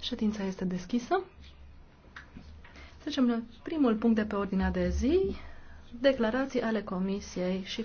Ședința este deschisă. Trecem la primul punct de pe ordinea de zi, declarații ale Comisiei și